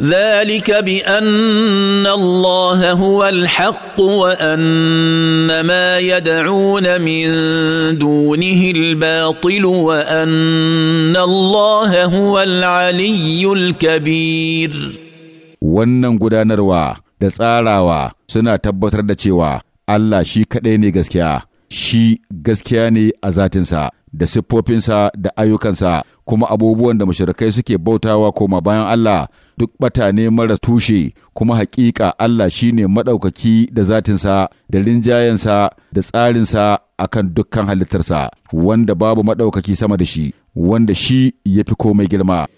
ذلك بان الله هو الحق وان ما يدعون من دونه الباطل وان الله هو العلي الكبير wannan gudanarwa da tsarawa suna tabbatar da cewa Allah shi kaɗai ne gaskiya shi gaskiya ne a zatinsa da siffofinsa da ayyukansa kuma abubuwan da mashirkai suke bautawa koma bayan Allah duk bata ne mara tushe kuma haƙiƙa Allah shi ne maɗaukaki da zatinsa da rinjayensa da tsarinsa a kan dukkan halittarsa wanda babu maɗaukaki sama da shi wanda shi ya fi komai girma.